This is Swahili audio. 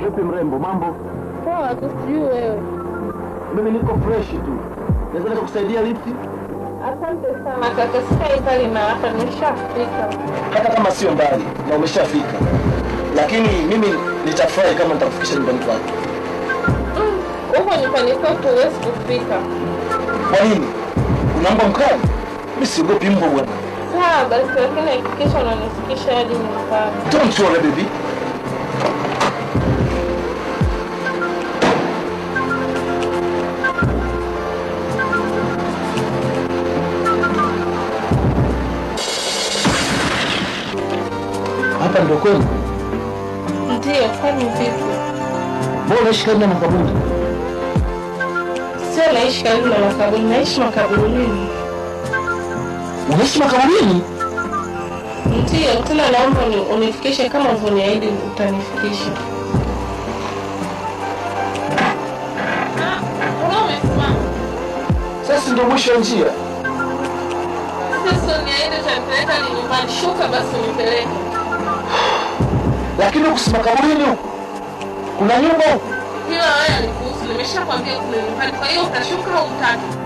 Vipi mrembo, mambo poa? tu sijui wewe. Mimi niko fresh tu, naweza nikakusaidia vipi? Asante sana kaka, sika ikali na hapa nimeshafika. Hata kama sio mbali na umeshafika, lakini mimi nitafurahi kama nitakufikisha nyumbani kwako. Mm, huko nyumbani kwako huwezi kufika. Kwa nini? Unaomba mkali? Mimi siogopi mbwa bwana. Sawa basi, lakini hakikisha unanifikisha hadi nyumbani. Don't worry baby. Hapa ndio kwenu? Ndio, kwani vipi? Mbona unaishi karibu na makaburi? Sio naishi karibu na makaburi, naishi makaburini. Unaishi makaburini? Ndio, tena naomba unifikishe kama ulivyoniahidi utanifikisha. Sasa ndio mwisho wa njia. Sasa niaende utanipeleka ni nyumbani, shuka basi unipeleke kusema kaburini huko kuna nyumba huko. Nimeshakwambia kuna nyumba, kwa hiyo utashuka au utatu